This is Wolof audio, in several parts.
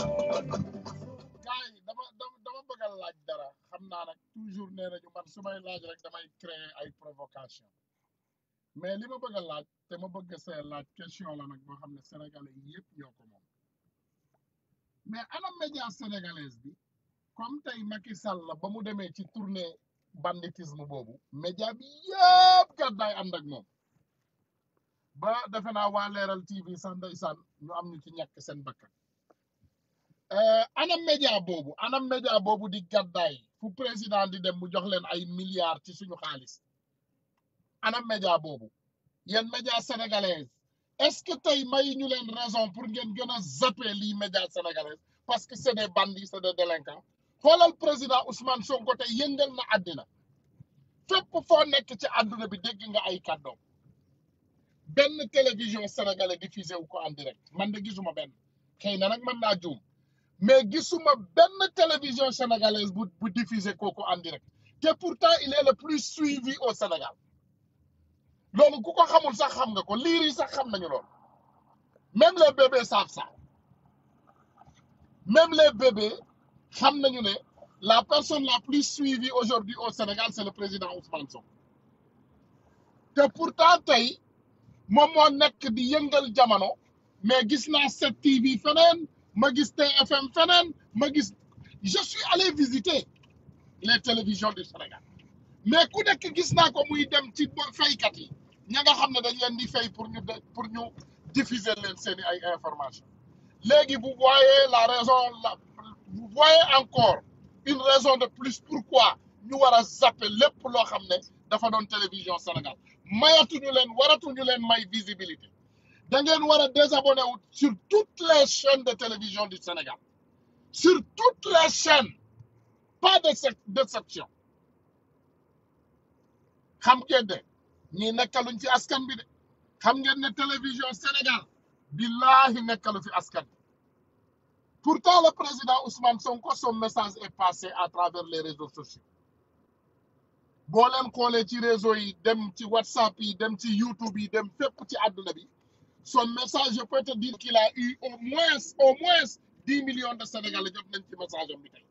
gars yi dama dama bëgg laaj dara xam naa nag toujours nee nañu man su may laaj rek damay créer ay provocation mais li ma bëgg laaj te ma bëgg see laaj question la nag boo xam ne sénégalais yëpp ñoo ko moom mais ana média sénégalaise bi comme tey Macky Sall la ba mu demee ci tournée banditisme boobu média bi yëpp gàddaay ànd ak moom ba defe naa waa leeral TV sax ndeysaan ñu am ñu ci ñàkk seen bakkan Euh, ana média boobu ana média boobu di gàddaay fu président di dem bu jox leen ay milliards ci suñu xaalis ana média boobu yéen média sénégalaise est-ce que tey may ñu leen raison pour ngeen gën a zapper lii média sénégalaise parce que c'est des bandits c'est des délinquants xoolal président Ousmane Sonko tey yëngal na àddina fépp foo nekk ci àdduna bi dégg nga ay kàddoom benn télévision sénégalais diffusé wu ko en direct man de gisuma benn xëy na nag mën naa juum mais gisuma ben télévision sénégalaise pour, bu diffuser coco en direct Et pourtant il est le plus suivi au Sénégal Donc, coco xamul sax xam même les bébés savent ça même les bébés savent que la personne la plus suivie aujourd'hui au Sénégal c'est le président Ousmane Sonko pourtant tey est nek plus di au Sénégal. mais gis naa cette tv télévision. Magister FM Fenen, magister, je suis allé visiter les télévisions du Sénégal mais ku nekk gis naa ko muy dem ci faykat yi ña nga xam dañ di fay pour ñu pour ñu diffuser leen seeni ay vous voyez la raison la vous voyez encore une raison de plus pourquoi ñu war zapper zappe pour le xam ne dafa télévision Sénégal mayatuñu leen waratuñu leen may visibilité da ngeen war des désabonné sur toutes les chaînes de télévision du Sénégal sur toutes les chaînes pas de déception xam ngeen de ñii nekkaluñ askan bi de télévision Sénégal Billahi nekkalu fi pourtant le président Ousmane Sonko son message est passé à travers les réseaux sociaux Si vous avez ci réseaux, yi dem WhatsApp yi YouTube yi dem fépp ci son message je peux te dire qu'il a eu au moins au moins dix millions de sénégalais qui ont eu son message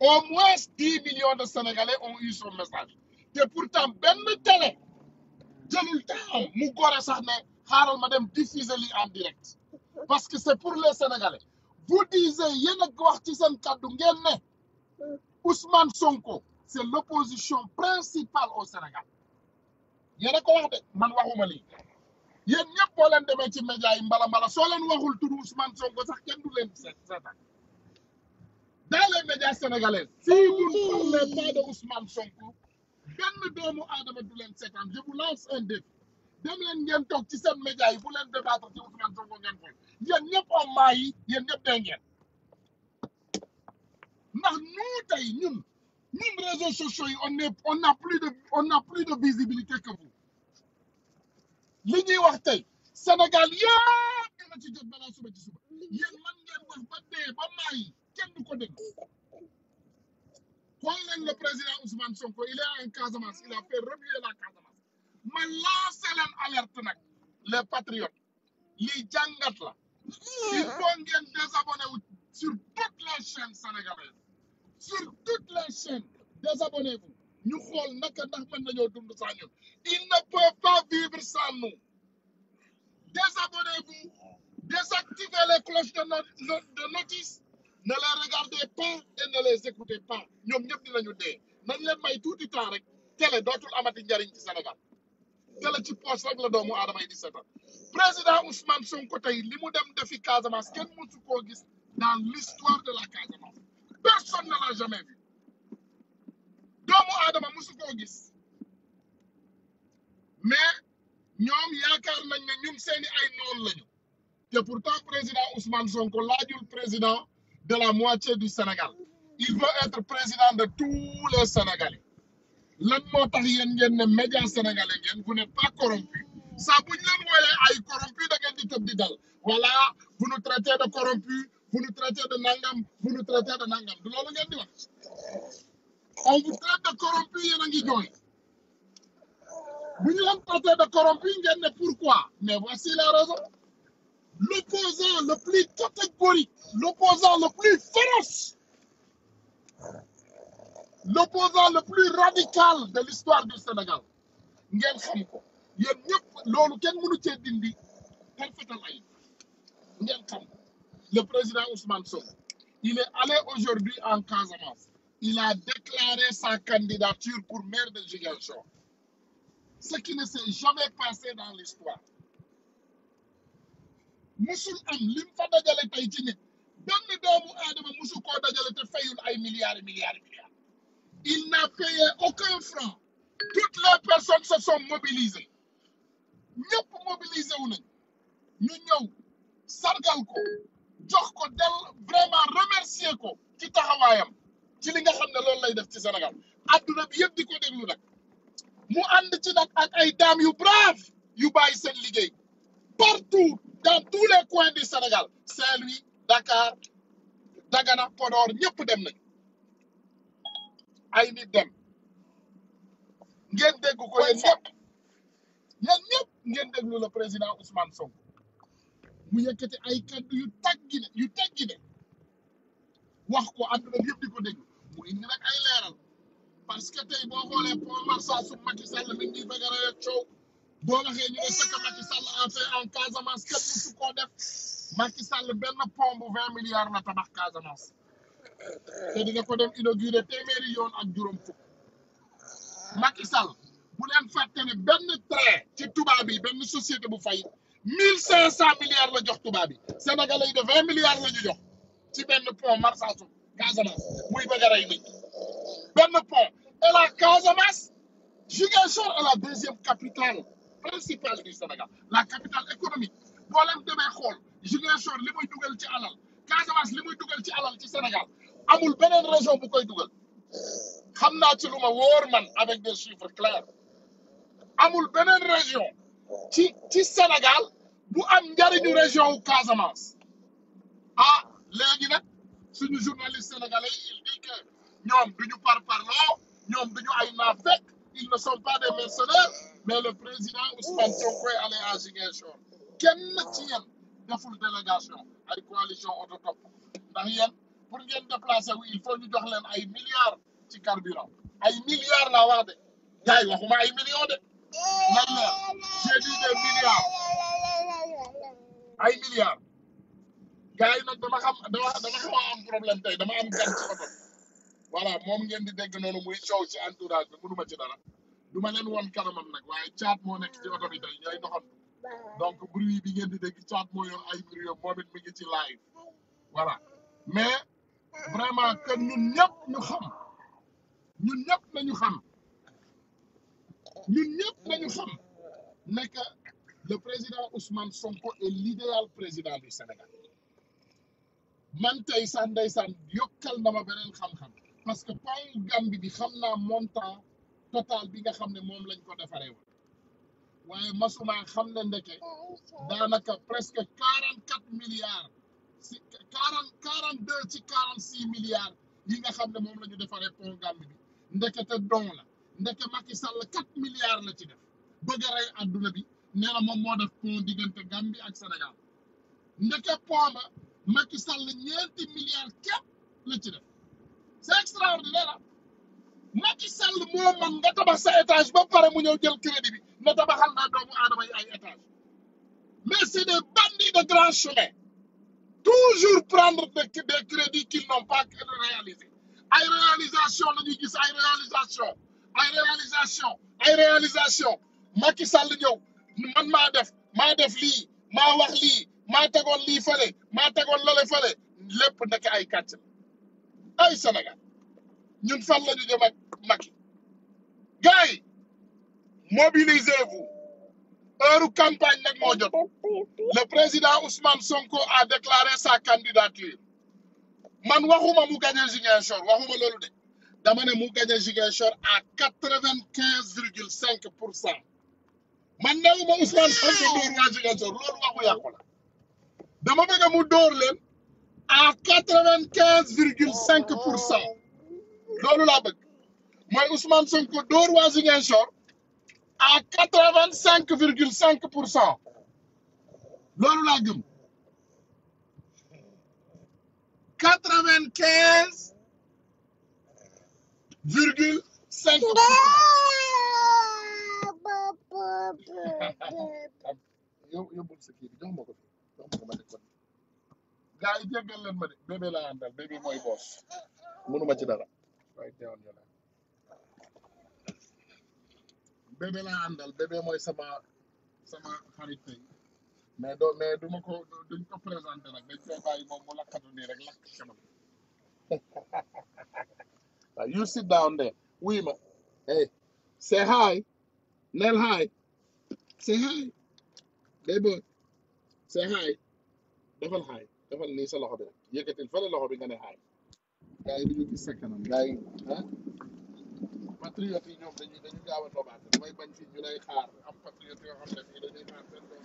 au moins 10 millions de sénégalais ont eu son message Et pourtant Ben télé jëlul temps mu gore sax ne xaaral ma dem diffuser en direct parce que c'est pour les sénégalais vous disiez yéen a wax ci Ousmane Sonko c'est l'opposition principale au Sénégal yéen a ko wax de man waxuma lii yéen ñëpp boo leen ci média yi waxul Ousmane Sonko sax kenn du leen dans les médias sénégalais si vous ne parlez pas de Ousmane Sonko doomu du je vous lance un défi dem ngeen ci média yi bu ci Ousmane réseaux sociaux on est on a plus de on plus de visibilité que vous li ñuy wax tay Sénégal yëpp dina ci jot balaa suba ci suba yéen man ngeen wax ba dee ba may kenn du ko dégg xool leen le président Ousmane Sonko il est en Casamance il a fait remuer la Casamance ma lancé leen alerte nag les patriotes li jàngat la il faut ngeen désabonné wu sur toutes les chaînes sénégalaises sur toutes les chaînes désabonnez-vous ñu xool naka ndax mën dund ils ne peuvent pas vivre sans nous désabonnez-vous désactivez les cloches de de notice ne les regardez pas et ne les écoutez pas ñoom ñëpp dinañu dee nañ leen may le temps rek télé dootul amati njariñ ci Sénégal télé ci poche rek la doomu aadama yi di président Ousmane Sonko il li mu dem defi Casamance kenn mësu koo gis dans l'histoire de la Casamance personne ne l'a jamais vu mais nous avons nañ ne ñun seeni ay noon lañu pourtant président Ousmane Sonko le président de la moitié du Sénégal il veut être président de tous les Sénégalais Les médias tax média sénégalais vous n'êtes pas corrompu Ça, vous ñu leen ay corrompu voilà vous nous traitez de corrompus, vous nous traitez de nangam vous nous traitez de nangam on vous traite de corrompu y a vous jooy Vous de corrompu a pourquoi mais voici la raison l'opposant le plus catégorique l'opposant le plus féroce l'opposant le plus radical de l'histoire du Sénégal ngeen xam ko dindi le président Ousmane Sonko il est allé aujourd'hui en Casamance il a déclaré sa candidature pour maire de Gigajon. Ce qui ne s'est jamais passé dans l'histoire. musul am milliards il n'a payé aucun franc toutes les personnes se sont mobilisées Nous mobilisé Nous nañ vraiment remercier ci li nga xam ne loolu lay def ci Sénégal adduna bi yëpp di ko déglu nag mu ànd ci nag ak ay dames yu brave yu bàyyi seen liggéey partout dans tous les coins du Sénégal saint Dagana Podor ñëpp dem nañ ay nit dem ngeen dégg ko yéen ñëpp yéen ñëpp ngeen déglu le président Ousmane Sonko mu yëkkati ay kaddu yu tàggi ne yu tàggi ne wax ko àdduna yëpp di ko déglu mu indi nag ay leeral parce que tey boo xoolee pour marsa su Macky Sall mi ngi bëgg a coow boo waxee ñu ne ce que Macky Sall en Casamance kenn mësu koo def Macky Sall benn pont bu vingt milliards la tabax Casamance te dina ko dem inauguré téeméeri yoon ak juróom fukk Macky Sall bu leen fàtte ne benn train ci tubaab yi benn société bu fay mille cinq jox tubaab yi Sénégalais yi de vingt milliards jox ci benn pont Marsassoum Casamance muy bëgg a et la Casamance Ziguinchor est la deuxième capitale principale du Sénégal la capitale économique boo leen demee xool Ziguinchor li muy dugal ci alal Casamance li muy dugal ci alal ci Sénégal amul benen région bu koy dugal xam naa ci lu man avec des chiffres clairs amul benen région ci ci Sénégal bu am njariñu région au Casamance ah les nag journalistes journaliste sénégalais il dit que nous, du ñu par là, nous, ils ne sont pas des mercenaires mais le président Ousmane Sonko est allé à Ziguinchor kenn ci de foule délégation la coalition autocopie topp pour ngeen déplacer, oui, il faut ñu jox leen ay milliards de carburant ay milliards la la de gars y waxuma ay millions de Non, j'ai dit des milliards ay milliards gars yi dama xam dama dama xaw am problème di dégg muy ci entourage bi ci dara ci bi donc bruit bi ngeen di live voilà mais vraiment que ñun ñu xam ñun nañu xam ñun nañu xam le président Ousmane Sonko est l'idéal président du Sénégal man tey sax ndeysaan yokkal na ma beneen xam-xam parce que pay Gambie bi xam naa montant total bi nga xam ne moom lañ ko defaree woon waaye masuma xam ne ndeke daanaka presque quarante quatre milliards si quarante ci quarante six milliards nga xam ne moom la ñu defaree pont Gambie bi ndeke te don la ndeke Macky Sall quatre milliards la ci def bëgg a rey àdduna bi nee moom moo def pont diggante Gambie ak Sénégal ndeke pont ba Macky Sall ñeenti milliards képp la ci def c'est extraordinaire hein. Macky Sall moo mën nga tabax sa étage ba pare mu ñëw jël crédit bi nga tabaxal naa doomu aadama yi ay étage mais c'est des bandits de grand chemin toujours prendre des des crédits qu'ils n'ont pas réalisé ay réalisation la ñuy gis ay réalisation ay réalisation ay réalisation Macky Sall ñëw man maa def maa def lii maa wax lii maa tegoon lii fale maa tegoon lale fale lépp nekk ay kàcc la ay Sénégal ñun fan la ñu jëm ak Macky gars yi mobilisez-vous heure campagne moo jot le président Ousmane Sonko a déclaré sa candidature man waxuma mu gagné Ziguinchor waxuma loolu de dama ne mu gagné Ziguinchor à quatre-vingt-quinze virgule cinq pour cent man newuma Ousmane Sonko waxu yàqu dama bëgg mu dóor leen à quatre vingt quinze virgule cinq pour cent loolu laa bëgg mooy Ousmane Sonko dóor waa Ziguinchor à quatre vingt cinq virgule cinq pour cent loolu laa gëm quatre vingt quinze virgule cinq pour cent mënuma jéggal leen ma de bébé laa àndal bébé mooy boos mënuma ci dara teewoon bébé laa àndal bébé mooy sama sama xarit mais mais ko duñ ko présenté nag dañ koy bàyyi moom mu lakkatu nii rek lakk kanam waaw you sit down there wuy ma hey say hi Nail hi say hi day boy say hi defal hi defal nii sa loxo bi rek yëkkatil loxo bi nga ne hi gars yi dañu gis sa kanam gars yi ah yi ñoom dañu dañu gaaw a doomaate damay bañ fii ñu lay xaar am patriote yoo xam ne fii dañuy xaar seen doom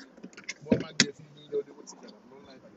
boo màggee fii ñuy ñëw di wut si kanam loolu lay bañ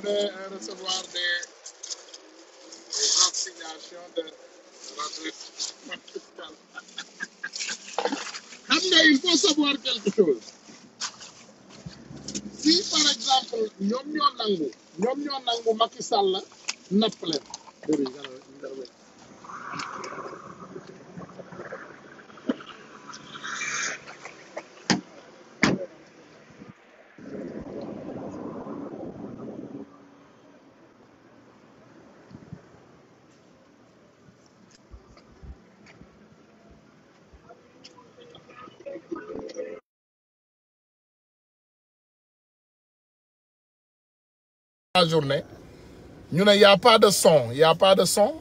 voudrais recevoir des, des consignations de xam nga il faut savoir quelque chose si par exemple ñoom ñoo nangu ñoom ñoo nangu Macky Sall napp leen journée il n'y a pas de son il n'y a pas de son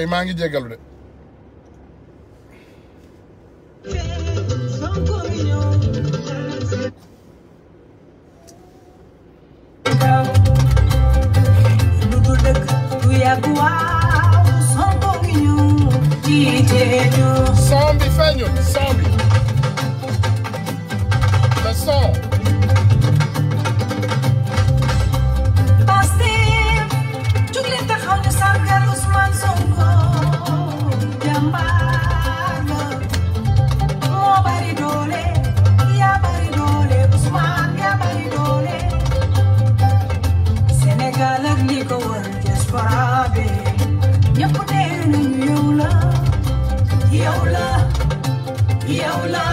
yi maa ngi jégalu de. son bi feeñul son bi le son yow la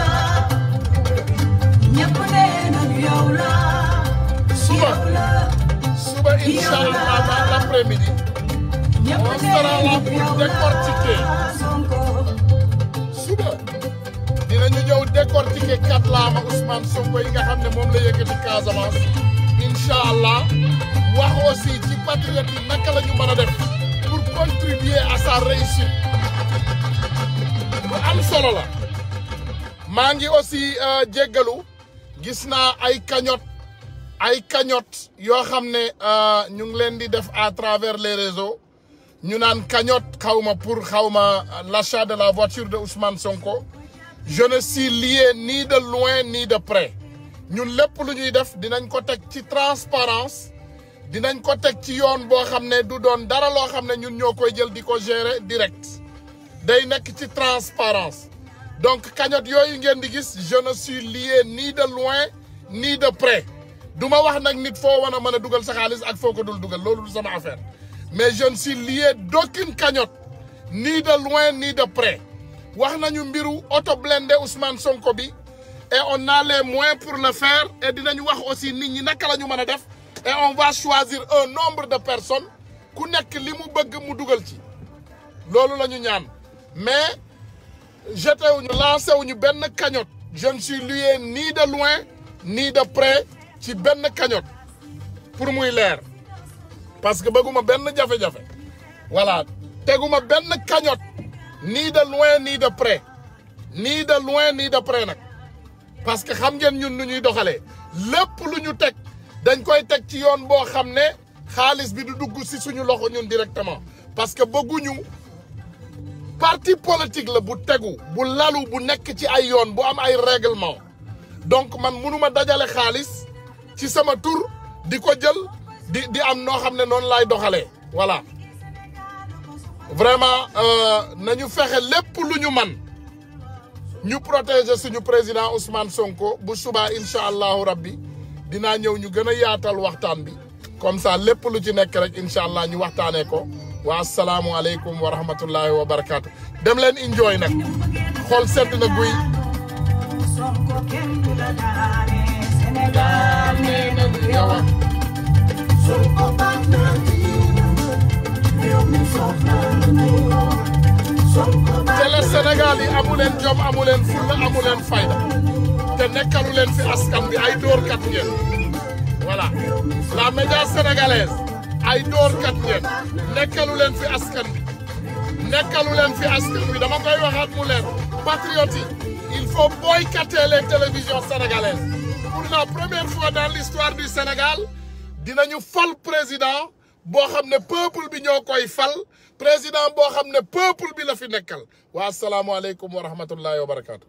ñëpp nee nañu yow la. suba suba incha allah dans l'après-midi. on sera là pour décortiquer. suba dinañu ñëw ne moom la yëkkati Casamance. incha allah wax ci patriote yi naka la ñu mën a def pour contribuer à sa réussite. bu am la. maa ngi aussi euh, jéggalu gis naa ay cagnotte ay cagnotte yoo xam ne euh, ñu ngi leen di def à travers les réseaux ñu naan cagnotte xawma pour xawma euh, l'achat de la voiture de Ousmane Sonko je ne suis lié ni de loin ni de près ñun lépp lu ñuy def dinañ ko teg ci transparence dinañ ko teg ci yoon boo xam ne du doon dara loo xam ne ñun ñoo koy jël di ko gérer direct day nekk ci transparence donc quand yooyu ngeen di je ne suis lié ni de loin ni de près Je ne wax pas nit foo war a de a dugal sa xaalis ak foo ko dul dugal loolu sama affaire mais je ne suis lié d'aucune cagnotte ni de loin ni de près wax nañu mbiru oto blindé Ousmane Sonko bi et on a les moyens pour le faire et dinañu wax aussi nit ñi naka la ñu mën a def et on va choisir un nombre de personnes ku nekk li mu bëgg mu dugal ci loolu la ñu de mais jeté wuñu lancé wuñu benn cagnotte je ne suis lié ni de loin ni de près ci ben cagnotte pour muy leer parce que bëgguma ben jafé jafé. voilà teguma ben cagnotte ni de loin ni de près ni de loin ni de près nak. parce que xam ngeen ñun ñuy doxalee Lepp lu ñu teg dañ koy teg ci yoon bo xamné ne bi du dugg ci suñu loxo ñun directement parce que bëgguñu parti politique la bu tegu bu lalu bu nek ci ay yone bu am ay règlement donc man mënuma dajale xaalis ci sama tour diko ko jël di di am no xam ne lay laay voilà vraiment euh, nañu fexé lepp luñu man ñu protéger suñu président Ousmane Sonko bu subaa inshallah allahu rabbi dinaa ñëw ñu gëna yaatal waxtaan bi comme ça lepp lu ci nek rek inshallah ñu waxtaanee ko waa asalaamualeykum wa rahmatullahi wa barakaatu. dem leen enjoy nag xool sedd na guy. télé Sénégal yi amu leen jom amu leen fulla amu leen fayda te nekkalu leen fi askan bi ay dóorkat ngeen voilà la média sénégalaise. ay doorkat ngeen nekkalu leen fi askan bi nekkalu leen fi askan bi dama koy waxaat mu leer patriote il faut boycotter les télévisions sénégalaises pour la première fois dans l'histoire du Sénégal dinañu fal président boo xam ne peuple bi ñoo koy fal président boo xam ne peuple bi la fi nekkal wa asalaamualeykum wa rahmatullahi wa barakaatu.